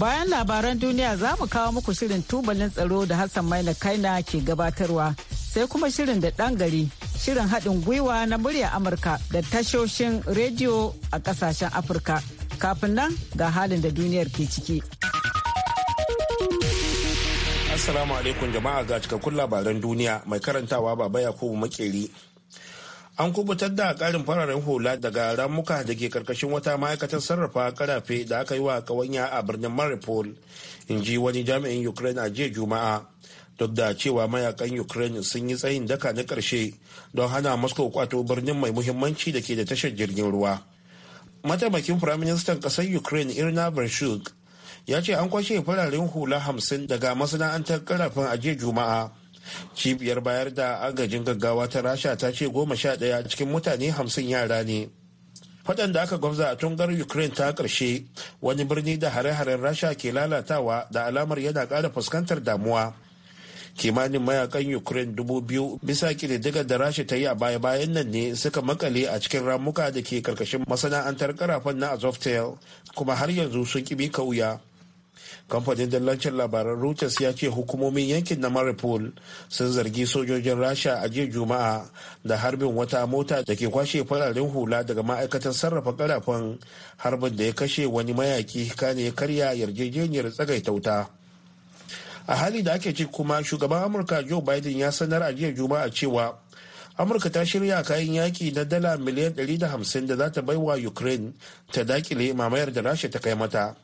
Bayan labaran duniya za mu kawo muku shirin tubalin tsaro da Hassan Maina Kaina ke gabatarwa sai kuma shirin da ɗan gari shirin haɗin gwiwa na murya Amurka da tashoshin rediyo a ƙasashen Afirka. Kafin nan ga halin da duniyar ke ciki. Assalamu alaikum jama'a ga cikakkun labaran duniya mai karantawa baba Yakubu Makeri. an kubutar da karin fararen hula daga ramuka da ke karkashin wata ma'aikatar sarrafa karafe da aka yi wa kawanya a birnin maripol in ji wani jami'in ukraine a jiya juma'a duk da cewa mayakan ukraine sun yi tsayin daka na karshe don hana moscow kwato birnin mai muhimmanci da ke da tashar jirgin ruwa mataimakin firaministan ƙasar ukraine irina bershuk ya ce an kwashe fararen hula hamsin daga masana'antar karafin a jiya juma'a cibiyar bayar da agajin gaggawa ta rasha ta ce goma sha ɗaya cikin mutane hamsin yara ne faɗan da aka gwamza a tungar ukraine ta ƙarshe wani birni da hare-haren rasha ke lalatawa da alamar yana ƙara fuskantar damuwa kimanin mayakan ukraine dubu biyu bisa ƙididdigar da rasha ta yi a baya-bayan nan ne suka makale a cikin ramuka da ke karkashin masana'antar karafan na azovtel kuma har yanzu sun ƙibi kauya kamfanin dallancin labaran reuters ya ce hukumomin yankin na maripol sun zargi sojojin rasha a jiya juma'a da harbin wata mota da ke kwashe fararen hula daga ma'aikatan sarrafa karafan harbin da ya kashe wani mayaki kane ya karya yarjejeniyar tsagaitauta a hali da ake ci kuma shugaban amurka joe biden ya sanar a jiya juma'a cewa amurka ta shirya kayan yaki na dala miliyan 150 da za ta baiwa ukraine ta dakile mamayar da rasha ta kai mata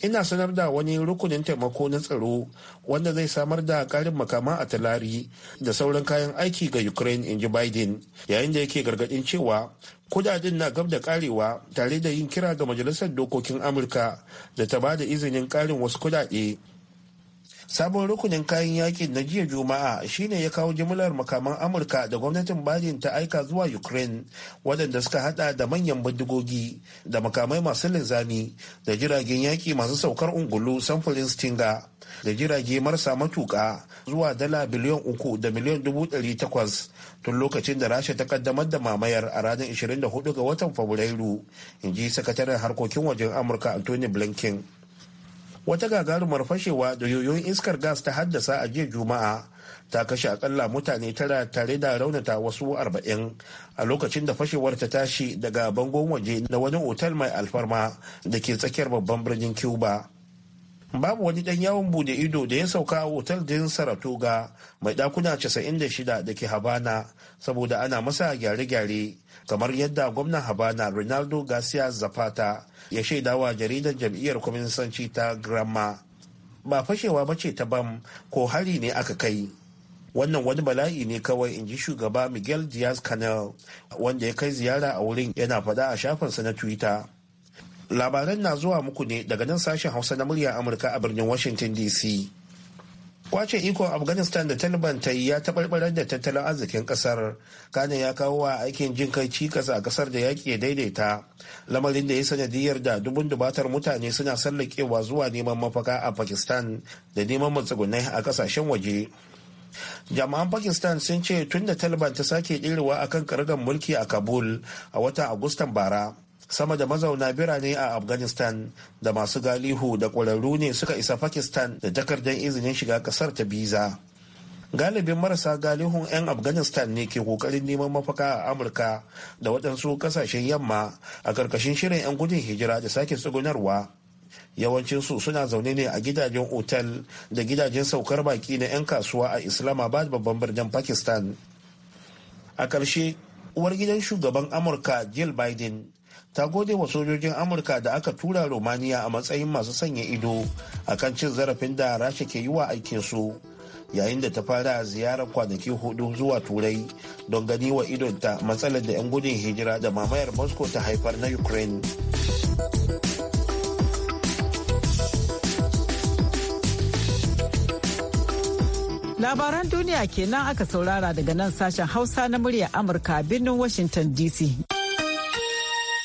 ina sanar da wani rukunin taimako na tsaro wanda zai samar da karin makama a talari da sauran kayan aiki ga ukraine in ji biden yayin da yake gargadin cewa kudaden na gab da karewa tare da yin kira ga majalisar dokokin amurka da ta ba da izinin karin wasu kudade sabon rukunin kayan yakin na jiya juma'a shine ya kawo jimlar makaman amurka da gwamnatin biden ta aika zuwa ukraine wadanda suka hada da manyan bindigogi da makamai masu linzami da jiragen yaki masu saukar ungulu samfurin stinga da jirage marasa matuka zuwa dala biliyan uku da miliyan dubu dari takwas tun lokacin da rasha ta kaddamar da mamayar a ranar 24 ga watan fabrairu in ji sakataren harkokin wajen amurka anthony blinken wata gagarumar fashewa da yoyon iskar gas ta haddasa a jiya juma'a ta kashe akalla mutane tara tare da raunata wasu arba'in a lokacin da fashewar ta tashi daga bangon waje na wani otal mai alfarma da ke tsakiyar babban birnin cuba babu wani dan yawon bude ido da ya sauka a otal din saratoga mai dakuna 96 da ke habana saboda ana masa gyare-gyare kamar yadda gwamnan habana ronaldo garcia zapata ya wa jaridar jam'iyyar kwaminsanci ta grama ba fashewa bace ta bam ko hari ne aka kai wannan wani bala'i ne kawai in ji shugaba miguel diaz canel wanda ya kai ziyara a wurin yana faɗa a shafinsa na twitter labaran na zuwa muku ne daga nan sashen hausa na murya amurka a birnin washington dc kwace ikon afghanistan da taliban ta yi ya taɓarɓarar da tattalin arzikin kasar kane ya kawo wa aikin jin kai cikas a kasar da yaƙi ya daidaita lamarin da ya sanadiyar da dubun dubatar mutane suna sallakewa zuwa neman mafaka a pakistan da neman matsugunai a kasashen waje jama'an pakistan sun ce tun da taliban ta sake ɗirwa akan kan mulki a kabul a watan agustan bara sama da mazauna birane a afghanistan da masu galihu da ƙwararru ne suka isa pakistan da takardar izinin shiga ƙasar ta biza galibin marasa galihun 'yan afghanistan ne ke kokarin neman mafaka a amurka da waɗansu ƙasashen yamma a ƙarƙashin shirin 'yan gudun hijira da sake tsugunarwa yawancinsu suna zaune ne a gidajen otal da gidajen saukar baki na 'yan kasuwa a islamabad babban birnin pakistan a ƙarshe uwar gidan shugaban amurka jill biden ta gode wa sojojin amurka da aka tura romania a matsayin masu sanya ido a kan cin zarafin da rasha ke yi wa su yayin da ta fara ziyarar kwanaki hudu zuwa turai don gani wa idonta matsalar da 'yan gudun hijira da mamayar moscow ta haifar na ukraine labaran duniya kenan aka saurara daga nan sashen hausa na murya amurka birnin washington dc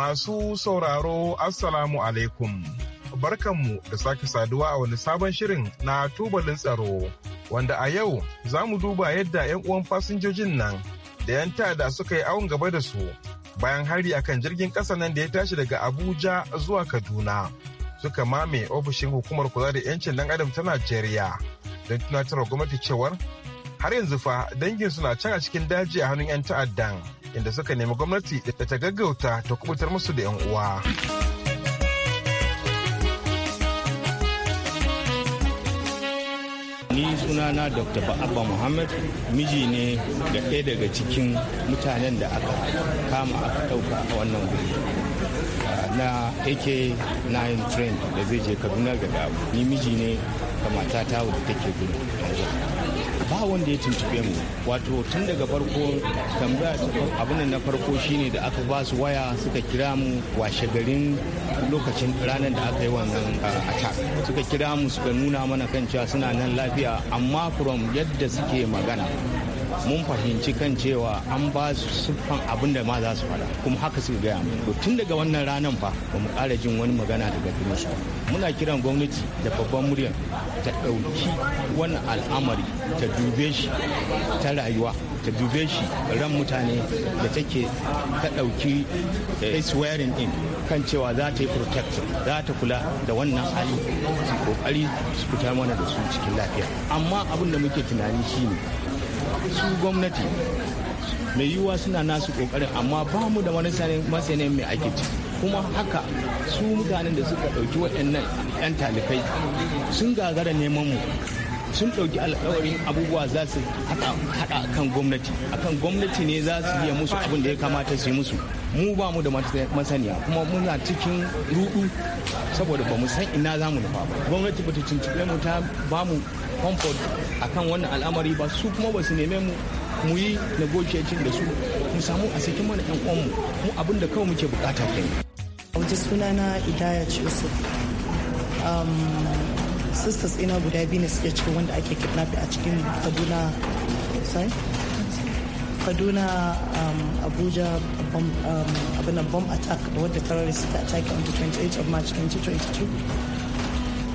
Masu sauraro Assalamu alaikum. Barkanmu da sake saduwa a wani sabon shirin na tubalin tsaro wanda a yau za mu duba yadda 'yan uwan fasinjojin nan da 'yan ta'ada suka yi awon gaba da su bayan hari akan jirgin ƙasa nan da ya tashi daga Abuja zuwa Kaduna. Suka mame ofishin hukumar kula da 'yancin ɗan adam ta Najeriya don tunatarwa gwamnati cewar har yanzu fa dangin suna can a cikin daji a hannun 'yan ta'addan. inda suka nemi gwamnati da ta gaggauta ta kubutar musu da 'yan uwa. ni sunana dr ba'abba muhammad miji ne da ɗaya daga cikin mutanen da aka kama aka ɗauka a wannan wuri na ak-9 train da zai je kaduna ga dawo ni miji ne ga matata wadda take gudu ba wanda ya tuntube mu wato tun daga farko tambaya abin na farko shine da aka ba su waya suka kira mu washe garin lokacin ranar da aka yi wannan ah, attack suka kira mu suka nuna mana kan cewa suna nan lafiya amma from yadda suke magana mun fahimci kan cewa an ba su siffan abin da ma za su faɗa kuma haka suka gaya mu to tun daga wannan ranar fa ba mu ƙara jin wani magana daga gare su muna kiran gwamnati da babban murya ta ɗauki wannan al'amari ta dube shi ta rayuwa ta dube shi ran mutane da take ta ɗauki eh, wearing in kan cewa za ta yi protect za ta kula da wannan hali su kokari su fitar mana da su cikin lafiya amma abin da muke tunani shine su gwamnati mai yiwuwa suna nasu kokarin amma ba mu da wani masani mai ake kuma haka su mutanen da suka ɗauki waɗannan 'yan talifai sun gagara neman mu sun ɗauki alkawarin abubuwa za su haɗa kan gwamnati akan gwamnati ne za su iya musu abin da ya kamata su yi musu mu ba mu da masaniya kuma muna cikin rudu saboda ba mu san ina za mu nufa ba gwamnati ba ta cincibe mu ta ba mu comfort akan wannan al'amari ba su kuma ba su neme mu mu yi negotiating da su mu samu a sakin mana yan uwanmu mu abin da kawai muke bukata kenan waje sunana idaya ce yusuf um, sisters ina guda biyu ne suke cikin wanda ake kidnap a cikin kaduna sorry kaduna um, abuja um, abin bomb attack da wadda terrorists suka attack on the 28 of march 2022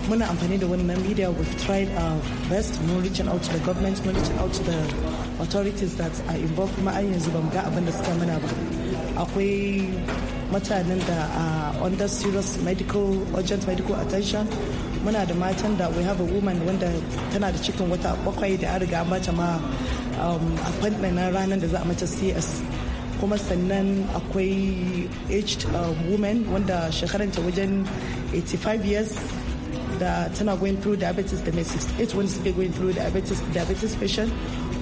muna amfani da wannan media with tried our best mun reaching out to the government mun reaching out to the authorities that are involved kuma an yanzu bamu ga abin da suka mana ba akwai mutanen da are under serious medical urgent medical attention muna da matan da we have a woman wanda tana da cikin wata bakwai da an riga mata ma um, appointment na ranar da za a mata cs kuma sannan akwai aged um, woman wanda shekaranta wajen 85 years da tana going through diabetes da mai 68 wanda suke going through diabetes diabetes patient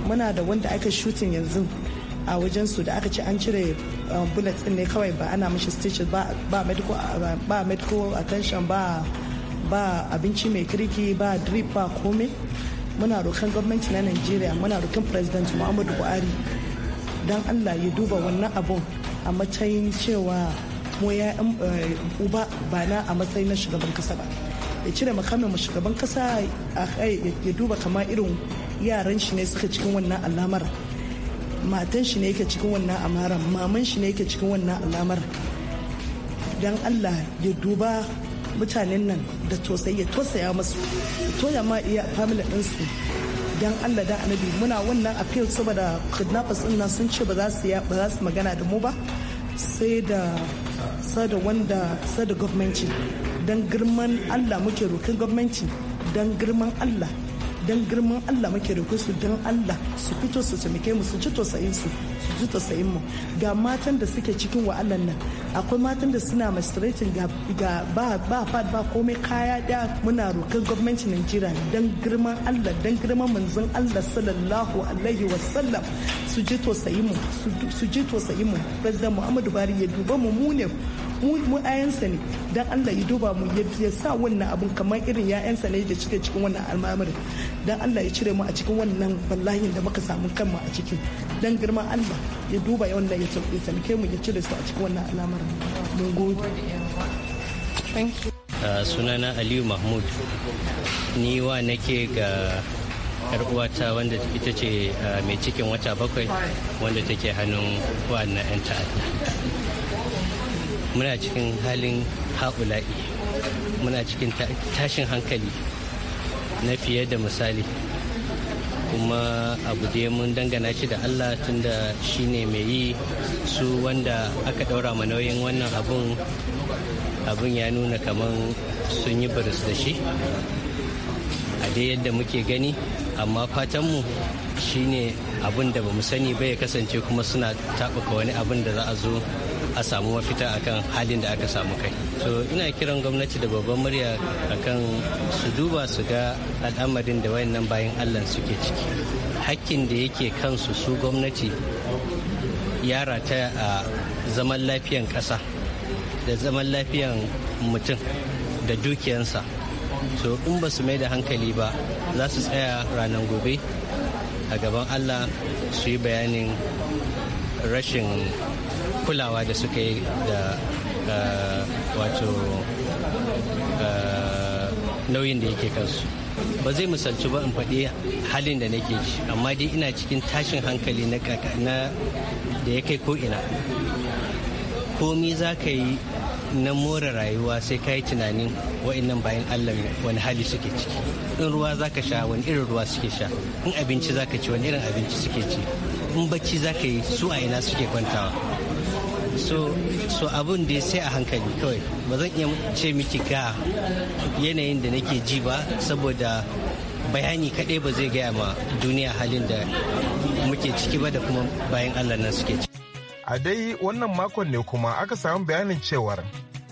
muna da wanda aka shooting yanzu a wajen su da aka ce an cire um, bullet din ne kawai ba ana mishi stitches ba ba medical attention ba ba abinci mai kirki ba drip ba komai muna rokan gwamnati na nigeria muna rokan president Muhammadu Buhari dan Allah ya duba wannan abun a matsayin cewa mu ya um, eh, uba ba na a matsayin na shugaban kasa ba ya cire makamin mu shugaban kasa ya duba kama irin yaran shi ne suka cikin wannan alamar matan shi ne yake cikin wannan amara maman shi ne yake cikin wannan alamar dan Allah ya duba mutanen nan da tosai ya tosaya masu toya ma iya family ɗinsu dan Allah da anabi muna wannan appeal saboda kidnappers din nan sun ce ba za su ba za su magana da mu ba sai da sada wanda sada gwamnati don girman allah muke rokin gwamnati don girman allah don girman Allah muke roƙo su don Allah su fito su taimake mu su ji tosayin su su ji tosayin mu ga matan da suke cikin wa'alan nan akwai matan da suna masturbating ga ga ba ba ba, ba komai kaya da muna gwamnati gwamnatin Najeriya don girman Allah don girman manzon Allah sallallahu alaihi wa sallam su ji tosayin mu su ji tosayin mu president Muhammadu Buhari ya duba mu mu ne mu ayansa ne don Allah ya duba mu ya sa wannan abun kamar irin ya'yansa ne da suke cikin wannan al'amarin don Allah ya cire mu a cikin wannan wallahi da muka samu kanmu a ciki don girma Allah ya duba ya wannan ya sauke mu ya cire su a cikin wannan al'amarin mun gode sunana Aliyu Mahmud ni wa nake ga yar uwata wanda ita ce mai cikin wata bakwai wanda take hannun wa'annan 'yan ta'adda muna cikin halin haƙulai muna cikin tashin hankali na fiye da misali kuma abu da mun dangana shi da allah tunda shi ne mai yi su wanda aka ɗaura ma nauyin wannan abun abun ya nuna kamar sun yi baris da shi a dai yadda muke gani amma fatanmu shine abin da ba sani ba ya kasance kuma suna taɓuka wani abun da za a zo a samu mafita akan halin da aka samu kai so ina kiran gwamnati da babban murya akan su duba su ga al'amarin da wayannan bayan allah suke ciki hakkin da yake kansu su gwamnati ya rataya a zaman lafiyan ƙasa da zaman lafiyan mutum da dukiyansa to in ba su mai da hankali ba za su tsaya ranar gobe a gaban allah su yi bayanin rashin kulawa da suka yi da wato nauyin da yake kansu ba zai misalci ba in faɗi halin da nake ji amma dai ina cikin tashin hankali na da ya kai ko'ina komi za ka yi na more rayuwa sai ka yi tunanin wa'annan bayan allah wani hali suke ciki in ruwa za ka sha wani irin ruwa suke sha in abinci za ka ci wani irin abinci suke ci in bacci za ka yi su a ina suke kwantawa so so abun da sai a hankali kawai ba zan iya ce miki ga yanayin da nake ji ba saboda bayani kaɗai ba zai gaya ma duniya halin da muke ciki ba da kuma bayan allah na suke ciki a dai wannan makon ne kuma aka samu bayanin cewar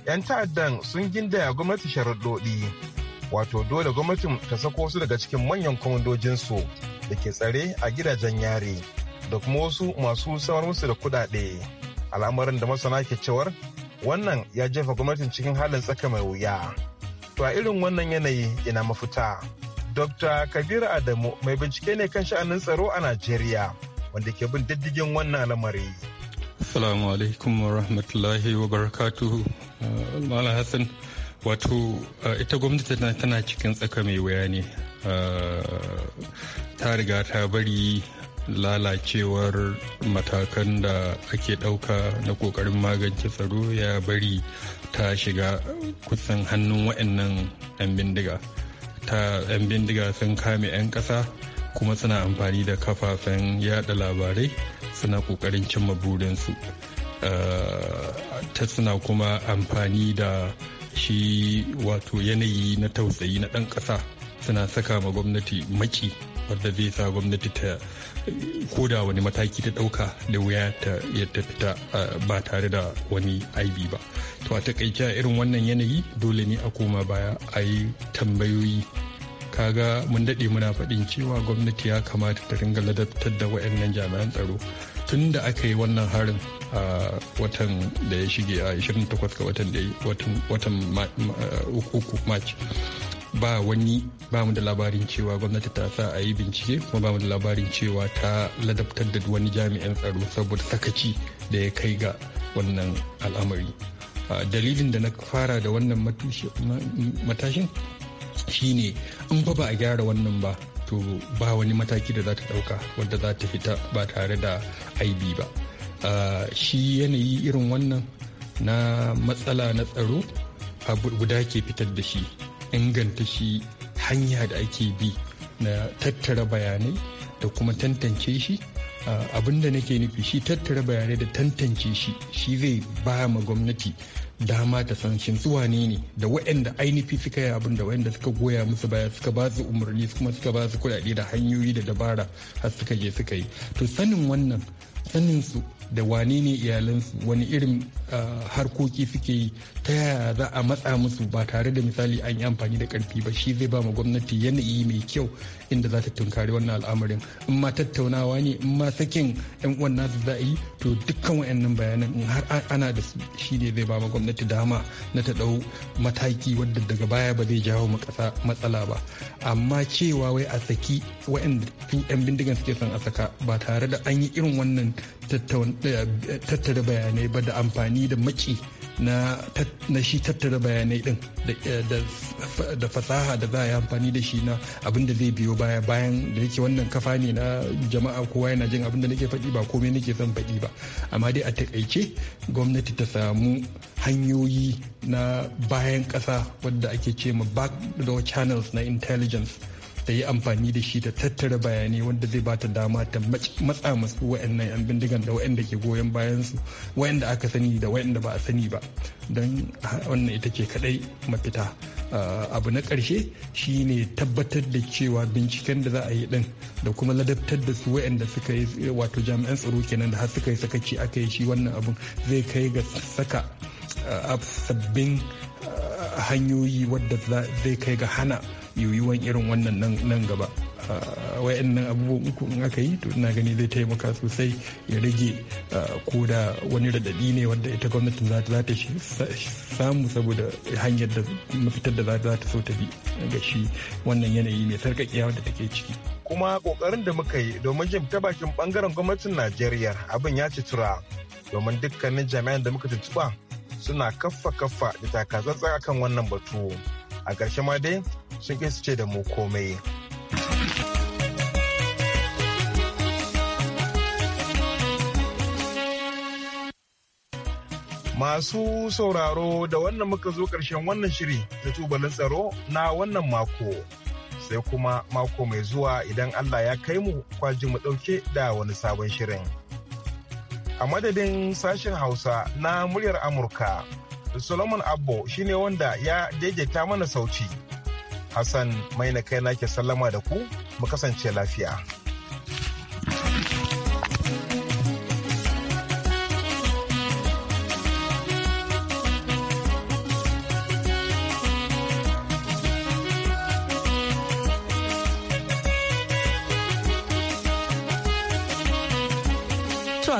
'yan ta'addan sun gindaya gwamnati sharaɗoɗi wato dole gwamnatin ta sako su daga cikin manyan kwamandojinsu da ke tsare a gidajen yare da kuma wasu masu samar musu da kuɗaɗe. al'amarin da masana ke cewar wannan ya jefa gwamnatin cikin halin tsaka mai wuya to a irin wannan yanayi ina mafita dr kabiru adamu mai bincike ne kan sha'anin tsaro a najeriya wanda ke bin diddigin wannan lamari assalamu alaikum wa rahmatullahi wa barakatu. Uh, malam hassan wato uh, ita gwamnati tana cikin tsaka mai wuya ne uh, ta riga ta bari lalacewar matakan da ake ɗauka na ƙoƙarin magance tsaro ya bari ta shiga kusan hannun wa'annan 'yan bindiga ta 'yan bindiga sun kame 'yan ƙasa kuma suna amfani da kafafen yada labarai suna ƙoƙarin cimma burinsu ta suna kuma amfani da shi wato yanayi na tausayi na ɗan ƙasa suna saka ma gwamnati maki wadda zai sa gwamnati ta koda wani mataki ta ɗauka da wuya ta yadda fita ba tare da wani aibi ba to a takaice a irin wannan yanayi dole ne a koma baya a yi tambayoyi kaga mun daɗe muna faɗin cewa gwamnati ya kamata ta ringa ladabtar da waɗannan jami'an tsaro tun da aka yi wannan harin a watan da ya shige a 28 ga watan uku march ba wani ba mu da labarin cewa gwamnati ta sa a yi bincike kuma ba mu da labarin cewa ta ladabtar da wani jami'an tsaro saboda sakaci da ya kai ga wannan al'amari dalilin da na fara da wannan matashin shine in ba ba a gyara wannan ba to ba wani mataki da za ta dauka wadda za ta fita ba tare da aibi ba shi yanayi irin wannan na matsala na tsaro guda ke fitar da shi inganta shi hanya da ake bi na tattara bayanai da kuma tantance shi abin da nake nufi shi tattara bayanai da tantance shi shi zai ba ma gwamnati dama ta san shin su ne ne da waɗanda ainihi suka yi abin da waɗanda suka goya musu baya suka ba su umarni kuma suka ba su kuɗaɗe da hanyoyi da dabara har suka je suka yi to sanin wannan sanin su da wane ne iyalansu wani irin ah, harkoki suke yi ta yaya za a matsa musu ba tare da misali an yi amfani da karfi ba shi zai ba ma gwamnati yanayi mai kyau inda za ta tunkari wannan al'amarin in ma tattaunawa ne in ma sakin yan uwan nasu za a yi to dukkan wayannan bayanan in har ana da su shi ne zai ba ma gwamnati dama na ta ɗau mataki wadda daga baya ba zai jawo ma kasa matsala ba amma cewa wai a saki wayanda 'yan bindigan suke son a saka ba tare da an yi irin wannan eh, tattara bayanai ba da amfani da maki na shi tattara bayanai din eh, da fasaha da za a yi amfani da shi na abin da zai biyo baya bayan da yake wannan kafa ne na jama'a kowa yana jin abin da nake faɗi ba komai nake son faɗi ba amma dai a takaice gwamnati ta samu hanyoyi na bayan ƙasa wadda ake ce ma back door channels na intelligence ta yi amfani da shi ta tattara bayanai wanda zai bata dama ta matsa masu wa'annan 'yan bindigan da wa'anda ke goyon bayan su wa'anda aka sani da wa'anda ba a sani ba don wannan ita ce kadai mafita ah, abu na karshe shine tabbatar da cewa binciken da za a yi din da kuma ladabtar da su wa'anda suka yi wato jami'an tsaro kenan da har suka yi sakaci aka yi shi wannan abun zai kai ga saka ah, sabbin ah, hanyoyi wadda zai kai ga hana yiwuwan irin wannan nan gaba ah, nan abubuwan uku in aka yi to ina gani zai taimaka sosai ya rage ah, ko da wani radadi ne wanda ita gwamnatin za ta samu saboda hanyar da mafitar da za ta so ta bi ga shi wannan yanayi mai sarkakiya wanda take ciki kuma kokarin da muka yi domin jin ta bakin bangaren gwamnatin najeriya abin ya ci tura domin dukkanin jami'an da muka tuntuba suna kaffa kaffa da takatsantsa kan wannan batu a ƙarshe ma dai sun ƙi su ce da mu komai Masu sauraro da wannan muka zo ƙarshen wannan shiri na tubalin tsaro na wannan mako. Sai kuma mako mai zuwa idan Allah ya kai mu kwaji mu ɗauke da wani sabon shirin. A madadin sashen Hausa na muryar Amurka, solomon abbo shine wanda ya daidaita mana sauci. hassan mai na kai na ke sallama da ku mu kasance lafiya.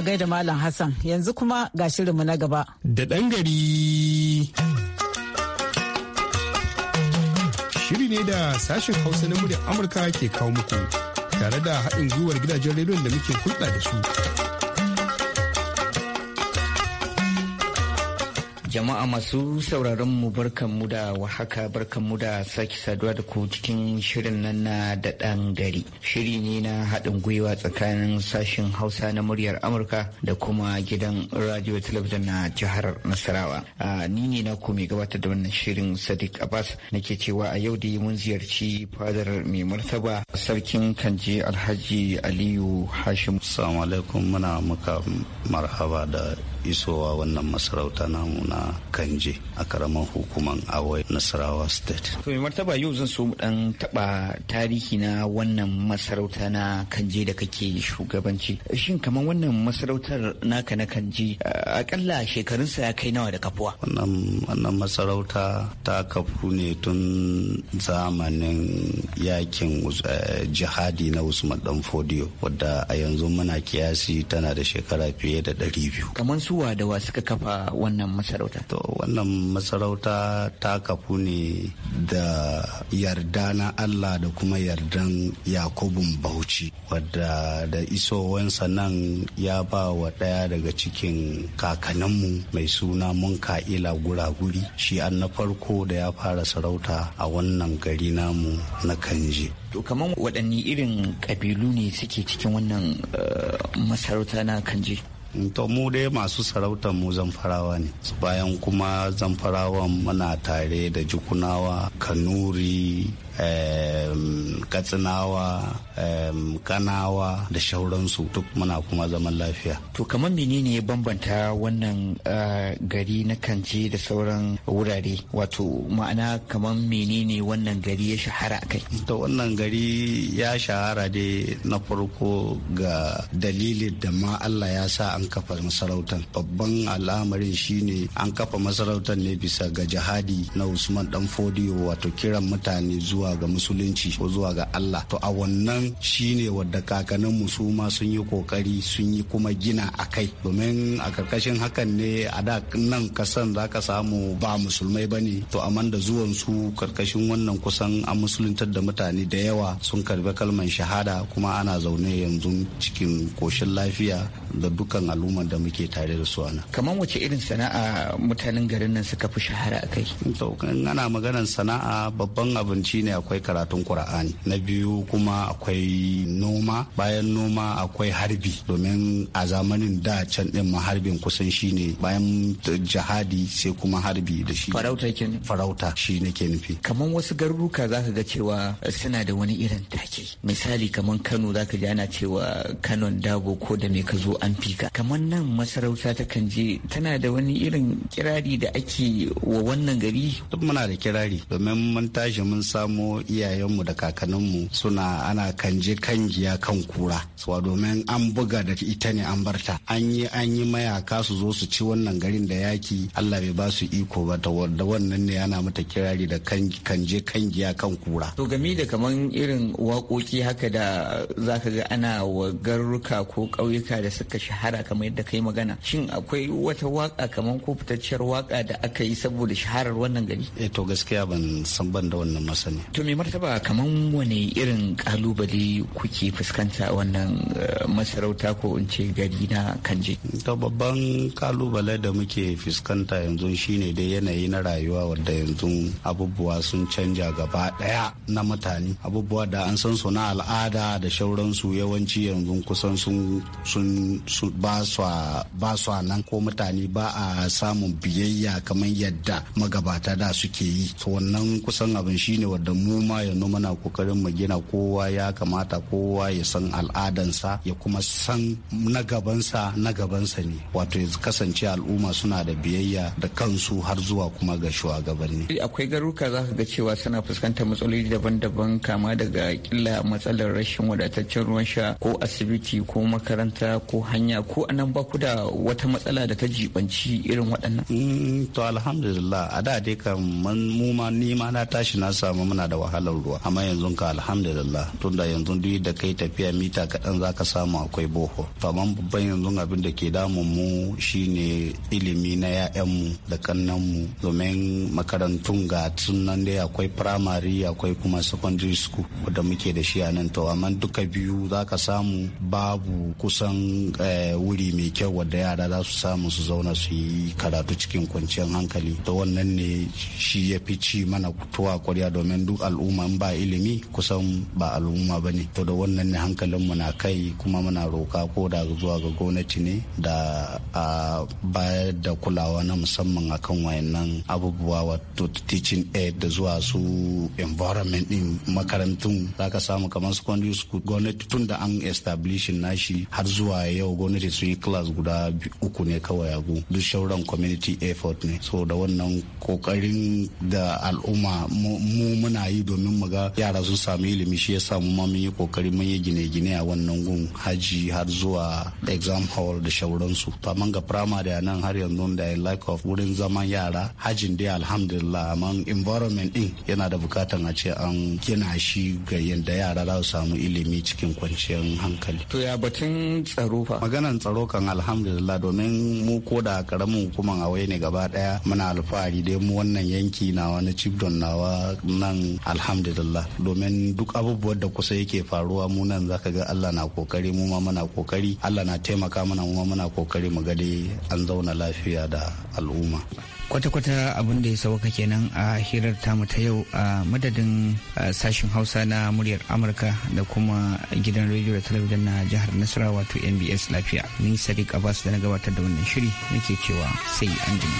a gaida Malam Hassan yanzu kuma ga shirinmu na gaba. Da ɗan gari. Shiri ne da sashen Hausa na muryar Amurka ke kawo muku tare da haɗin gwiwar gidajen rediyon da muke hulɗa da su. Jama'a masu sauraron mu barkan mu da wahaka mu da sake saduwa da ku cikin shirin nan na da ɗan gari. Shiri ne na haɗin gwiwa tsakanin sashen Hausa na muryar Amurka da kuma gidan radio talabijin na jihar Nasarawa. Ni ne na mai gabatar da wannan shirin Sadiq Abbas nake cewa a yau da mun ziyarci fadar mai martaba sarkin Kanje Alhaji Aliyu Hashim. Assalamu alaikum muna muka marhaba da isowa wannan masarauta namu na kanje a karaman hukuman awai nasarawa state to mai martaba yau zan so mu dan taba tarihi na wannan masarauta na kanje da kake shugabanci shin kamar wannan masarautar naka na kanje akalla sa ya kai nawa da kafuwa wannan masarauta ta kafu ne tun zamanin yakin eh, jihadi na usman Danfodio, fodiyo wadda a yanzu muna kiyasi tana da shekara fiye da 200 kamar suwa da wa suka kafa wannan masarauta to wannan masarauta ta kafu ne da yarda na allah da kuma yardan yakubun bauchi wadda da isowansa nan ya ba wa ɗaya daga cikin kakanninmu mai suna mun kaila guraguri shi an na farko da ya fara sarauta a wannan gari namu na kanje to kamar waɗanne irin ƙabilu ne suke cikin wannan eh, masarauta na kanje to mu dai masu sarautar mu zamfarawa ne bayan kuma zamfarawan muna tare da jukunawa kanuri katsinawa kanawa da shauransu duk muna kuma zaman lafiya to kamar menene ya bambanta wannan gari na kanje da sauran wurare wato ma'ana kamar menene wannan gari ya shahara kai to wannan gari ya shahara dai na farko ga dalilin da ma Allah ya sa an kafa masarautar babban al'amarin shine an kafa masarautar ne bisa ga jihadi na Usman dan Fodiyo wato kiran mutane zuwa zuwa ga musulunci ko zuwa ga Allah to a wannan shine wadda kakannin mu su ma sun yi kokari sun yi kuma gina a kai domin a karkashin hakan ne a da nan kasan za ka samu ba musulmai ba ne to amma da zuwan su karkashin wannan kusan an musuluntar da mutane da yawa sun karbi kalman shahada kuma ana zaune yanzu cikin koshin lafiya da dukkan al'ummar da muke tare da su ana kamar wace irin sana'a mutanen garin nan suka fi shahara a kai to ana maganar sana'a babban abinci ne ne akwai karatun Kur'ani. Na biyu kuma akwai noma, bayan noma akwai harbi domin a zamanin da can din ma harbin kusan shine bayan jihadi sai kuma harbi da shi. Farauta kenan. Farauta shi nake nufi. kaman wasu garuruka za ka ga cewa suna da wani irin take. Misali kamar Kano za ka ji ana cewa kano Dabo ko da me ka zo an fika. Kamar nan masarauta ta kan je tana da wani irin kirari da ake wa wannan gari. Duk muna da kirari domin mun tashi mun samu mu iyayenmu da kakanninmu suna ana kanje kan giya kan kura suwa domin an buga da ita ne an barta an yi an yi mayaka su zo su ci wannan garin da yaki Allah bai ba su iko ba ta wadda wannan ne ana mata kirari da kanje kan giya kan kura to game da kaman irin waƙoƙi haka da zaka ga ana wa garuruka ko ƙauyuka da suka shahara kamar yadda kai magana shin akwai wata waka kaman ko fitacciyar waka da aka yi saboda shaharar wannan gari eh to gaskiya ban san ban da wannan masani To mai martaba kamar wani irin kalubale kuke fuskanta wannan eh, masarauta ko in ce gari na kanje? Ta babban kalubale da muke fuskanta yanzu shine dai yanayi na rayuwa wadda yanzu abubuwa sun canja gaba daya na mutane. Abubuwa da an san su na al'ada da shauransu yawanci yanzu kusan sun sun ba su nan ko mutane ba a samun biyayya kamar yadda magabata da suke yi. To wannan kusan abin shine wadda mu ma yanzu muna kokarin mu gina kowa ya kamata kowa ya san al'adansa ya kuma san na gabansa na gabansa ne wato ya kasance al'umma suna da biyayya da kansu har zuwa kuma ga shugabanni akwai garuka za ka ga cewa suna fuskantar matsaloli daban-daban kama daga kila matsalar rashin wadataccen ruwan sha ko asibiti ko makaranta ko hanya ko anan ba ku da wata matsala da ta jibanci irin waɗannan mm, to alhamdulillah a da dai kan mu ma ni na tashi na samu muna da wahalar ruwa amma yanzu ka alhamdulillah tunda yanzu duk da kai tafiya mita kaɗan za ka samu akwai boho to amma babban yanzu abin da ke damun mu shine ilimi na 'ya'yanmu da kannanmu domin makarantun ga nan dai akwai primary akwai kuma secondary school da muke da shi a nan to amma duka biyu za ka samu babu kusan eh, wuri mai kyau wadda yara za su samu su zauna su yi karatu cikin kwanciyar hankali to wannan ne shi ya fi ci mana tuwa kwarya domin duk al'umma ba ilimi kusan ba al'umma ba ne to da wannan ne hankalinmu na kai kuma muna roka ko da zuwa ga gwamnati ne da a bayar da kulawa na musamman akan wayannan abubuwa wato teaching aid da zuwa su environment din makarantun zaka samu kamar secondary school gwamnati tun da an establish nashi har zuwa yau gwamnati sun yi class guda uku ne kawai abu duk shauran community effort ne so da wannan kokarin da al'umma mu muna yi domin mu ga yara sun samu ilimi shi yasa mu ma mun yi kokari mun yi gine-gine a wannan gun haji har zuwa exam hall da shauransu to amma ga primary a nan har yanzu da like of wurin zaman yara hajin dai alhamdulillah amma environment din yana da bukatan a ce an gina shi ga yanda yara za su samu ilimi cikin kwanciyar hankali to ya batun tsaro fa maganan tsaro kan alhamdulillah domin mu ko da karamin hukuman awai ne gaba daya muna alfahari dai mu wannan yanki nawa na don nawa nan alhamdulillah domin duk abubuwan da kusa yake faruwa mu nan zaka ga Allah na kokari mu ma muna kokari Allah na taimaka mana mu ma muna kokari mu ga an zauna lafiya da al'umma kwata-kwata abin da ya sauka kenan a hirar tamu ta yau a madadin sashen hausa na muryar amurka da kuma gidan rediyo da talabijin na jihar nasara wato nbs lafiya ni sadiq abbas da na gabatar da wannan shiri nake cewa sai an jima.